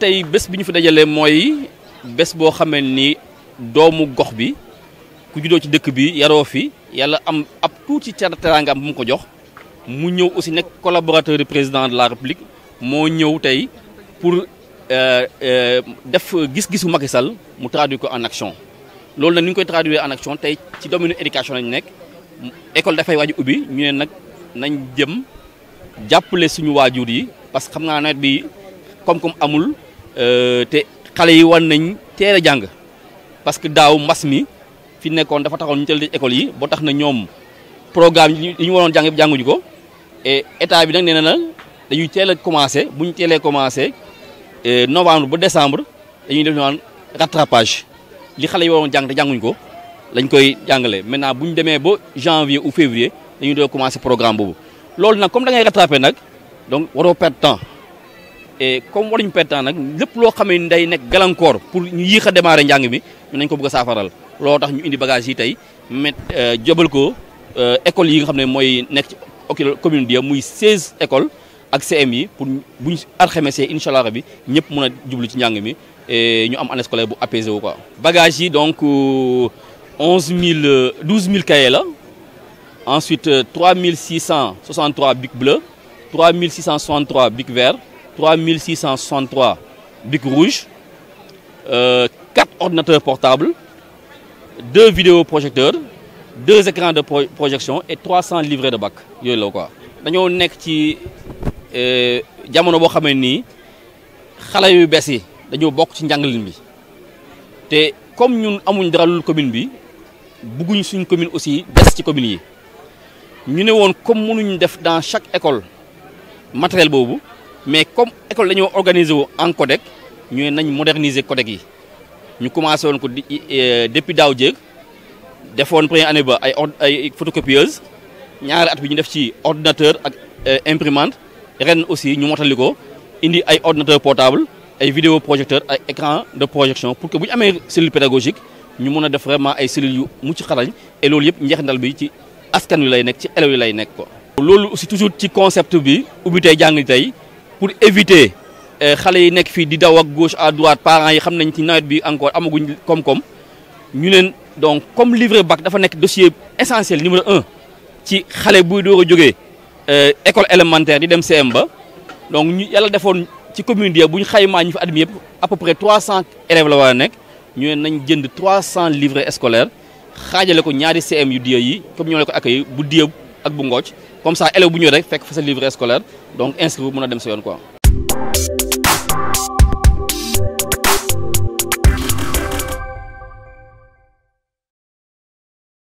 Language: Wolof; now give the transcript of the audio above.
tey bés bi ñu fi dajalee mooy bés boo xamee ni doomu gox bi ku juddoo ci dëkk bi yaroo fi yàlla am ab tuuti teraangaam bu mu ko jox mu ñëw aussi nekk collaborateur du président de la république moo ñëw tey pour euh, euh, def gis-gisu Macky Sall mu traduire ko en action loolu nag ni koy traduire en action tey ci domaine éducation lañu nekk école da fay waji ubi ñu né nak nañ jëm jappalé suñu wajur yi parce que xam nga nawet bi comme comme amul euh té xalé yi won nañ teel jang parce que daaw masmi fi nekkoon dafa taxoon ñu teel a école yi bo tax na ñom programme yi ñu wonon jàng yëpp jànguñu ko et état bi nak néna na dañuy téla commencer buñu télé commencer euh novembre ba décembre dañuy def ñu rattrapage li xalé yi won jang te jànguñu ko lañ koy jàngale maintenant bu démé bo janvier ou février dañu do commencé programme bobu loolu nak comme da ngay rattraper nak donc waro perte temps et comme waruñu perte temps nak lepp lo xamé ni day nekk gàllankoor pour ñu yixa démarrer jang bi ñu nañ ko bëgg safaral saafaral tax ñu indi bagage yi tay met euh, jëbal ko euh, école yi nga xamné moy nek nekk ci commune Dya muy 16 écoles ak CMI pour buñ alxemesee incha allah rabi ñëpp mën a jublu ci njàng mi ñu am année scolaire bu apaisé wu quoi. bagage yi donc. Euh, 11 000, 12 000 ensuite 3 euh, 663 bic bleus, 3 663 bic verts, 3 663 bic rouge, euh, 4 ordinateurs portables, 2 vidéoprojecteurs, 2 écrans de projection et 300 livrets de bac. Nous euh, jamono yu ci bi te comme ñun amuñ dara lu commune bi nous suñ commune aussi des ci communes yi ñu comme nous def dans chaque école matériel bobu, mais comme école nous organiser en codec nous avons nañ moderniser codec Nous commençons commencé e, depuis d'aujourd'hui, nous avons pris année ba ay avons photocopieuse des at bi ñu def ci ordinateur ak e, imprimante aussi ñu motali indi ay ordinateur portable ay vidéo projecteur écran de projection pour que vous ñu amee cellule pédagogique nous avons def vraiment ay cellules et nous yëpp njeexndal bi ci askan wi lay nekk ci yi lay nekk ko loolu toujours ci concept bi pour éviter eh, xale yi nekk fii di gauche à droite parents yi xam nañ ci nawet bi encore amaguñ ñu donc comme livret bac dafa nekk dossier essentiel numéro un ci xale buy eh, école élémentaire di dem CM ba donc ñu commune admis à peu près 300 élèves nous ne jënd 300 livrets scolaires xajalé ko ñaari CM yu diya yi comme ñoo la ko accueilli bu diya ak bu ngooc comme ça élève bu ñëwee rek fekk fa sa livret scolaire donc inscrit mëna mën a dem sa yoon quoi